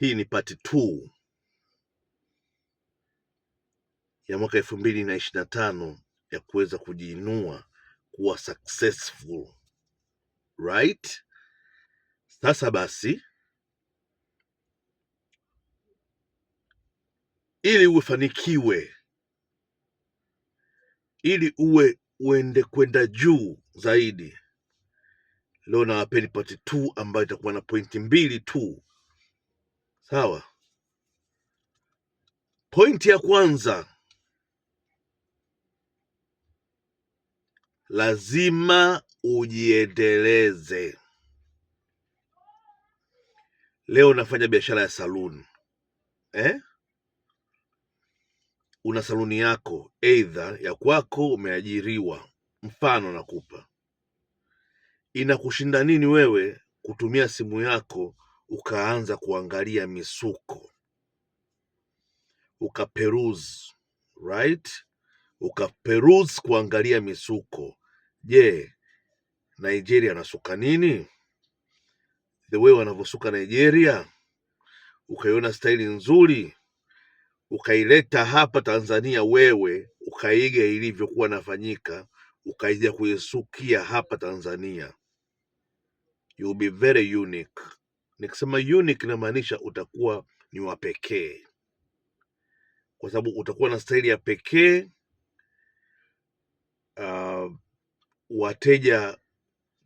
Hii ni part 2 ya mwaka elfu mbili na ishirini na tano ya kuweza kujiinua kuwa successful right. Sasa basi, ili ufanikiwe, ili uwe uende kwenda juu zaidi, leo nawapeni part 2 ambayo itakuwa na pointi mbili tu Sawa, pointi ya kwanza, lazima ujiendeleze. Leo unafanya biashara ya saluni eh? Una saluni yako, eidha ya kwako, umeajiriwa. Mfano nakupa, inakushinda nini wewe kutumia simu yako ukaanza kuangalia misuko, ukaperuse right, ukaperuse kuangalia misuko. Je, Nigeria anasuka nini? The way wanavyosuka Nigeria, ukaiona staili nzuri ukaileta hapa Tanzania, wewe ukaiga ilivyokuwa nafanyika, ukaija kuisukia hapa Tanzania, you be very unique nikisema unique inamaanisha utakuwa ni wa pekee, kwa sababu utakuwa na staili ya pekee. Uh, wateja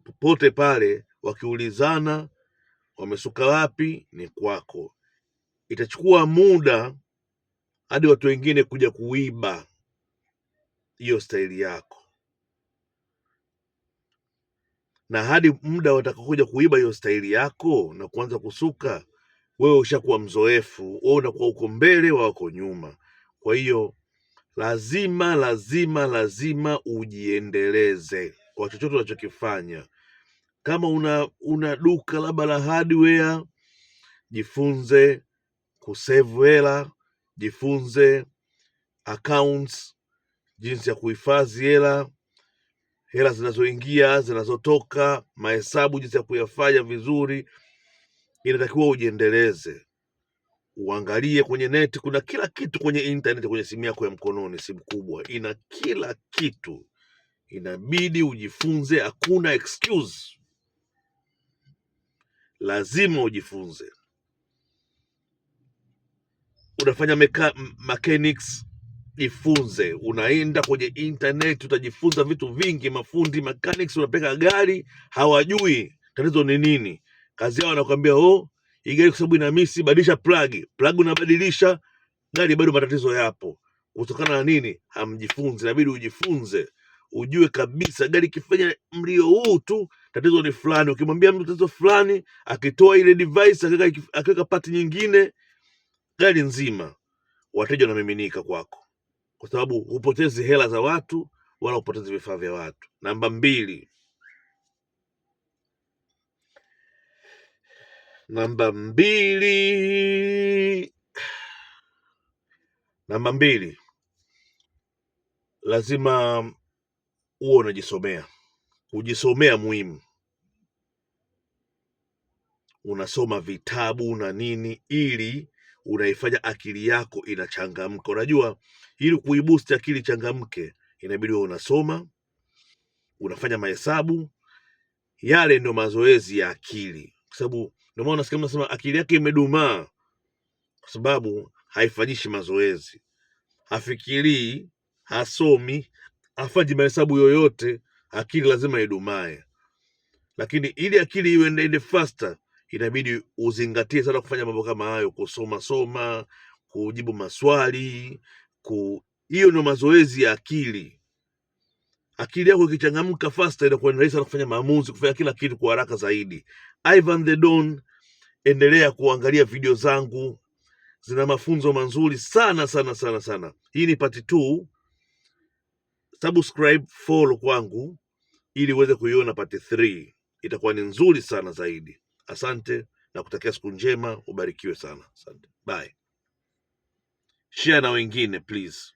popote pale wakiulizana wamesuka wapi, ni kwako. Itachukua muda hadi watu wengine kuja kuiba hiyo staili yako. na hadi muda watakakuja kuiba hiyo staili yako na kuanza kusuka, wewe ushakuwa mzoefu, wewe unakuwa uko mbele, wako nyuma. Kwa hiyo lazima lazima lazima ujiendeleze kwa chochote unachokifanya. Kama una una duka labda la hardware, jifunze kusevu hela, jifunze accounts, jinsi ya kuhifadhi hela hela zinazoingia zinazotoka, mahesabu jinsi ya kuyafanya vizuri, inatakiwa ujiendeleze, uangalie kwenye neti. Kuna kila kitu kwenye internet, kwenye simu yako ya mkononi. Simu kubwa ina kila kitu, inabidi ujifunze. Hakuna excuse, lazima ujifunze. Unafanya meka, mechanics jifunze. Unaenda kwenye internet utajifunza vitu vingi, mafundi mechanics unapeka gari hawajui tatizo ni nini. Kazi yao wanakwambia oh, hii gari kwa sababu ina misi, badilisha plug. Plug unabadilisha, gari bado matatizo yapo. Kutokana na nini? Hamjifunzi. Inabidi ujifunze, ujue kabisa gari ikifanya mlio huu tu tatizo ni fulani. Ukimwambia mtu tatizo fulani, akitoa ile device akiweka pati nyingine, gari nzima, wateja wanamiminika kwako kwa sababu hupotezi hela za watu wala hupotezi vifaa vya watu. Namba mbili, namba mbili, namba mbili, lazima huwa unajisomea. Kujisomea muhimu, unasoma vitabu na nini ili unaifanya akili yako inachangamka. Unajua, ili kuiboost akili changamke, inabidi wewe unasoma, unafanya mahesabu. Yale ndio mazoezi ya akili, kwa sababu ndio maana nasikia nasema akili yake imedumaa, kwa sababu haifanyishi mazoezi, hafikirii, hasomi, hafanyi mahesabu yoyote. Akili lazima idumae, lakini ili akili iende faster inabidi uzingatie sana kufanya mambo kama hayo, kusoma soma, kujibu maswali ku... hiyo ndio mazoezi ya akili. Akili yako ikichangamka fasta, inakuwa ni rahisi sana kufanya maamuzi, kufanya kila kitu kwa haraka zaidi. Ivan the Don, endelea kuangalia video zangu, zina mafunzo mazuri sana sana sana sana. Hii ni part 2. Subscribe, follow kwangu ili uweze kuiona part 3, itakuwa ni nzuri sana zaidi. Asante na kutakia siku njema, ubarikiwe sana. Asante, bye. Share na wengine please.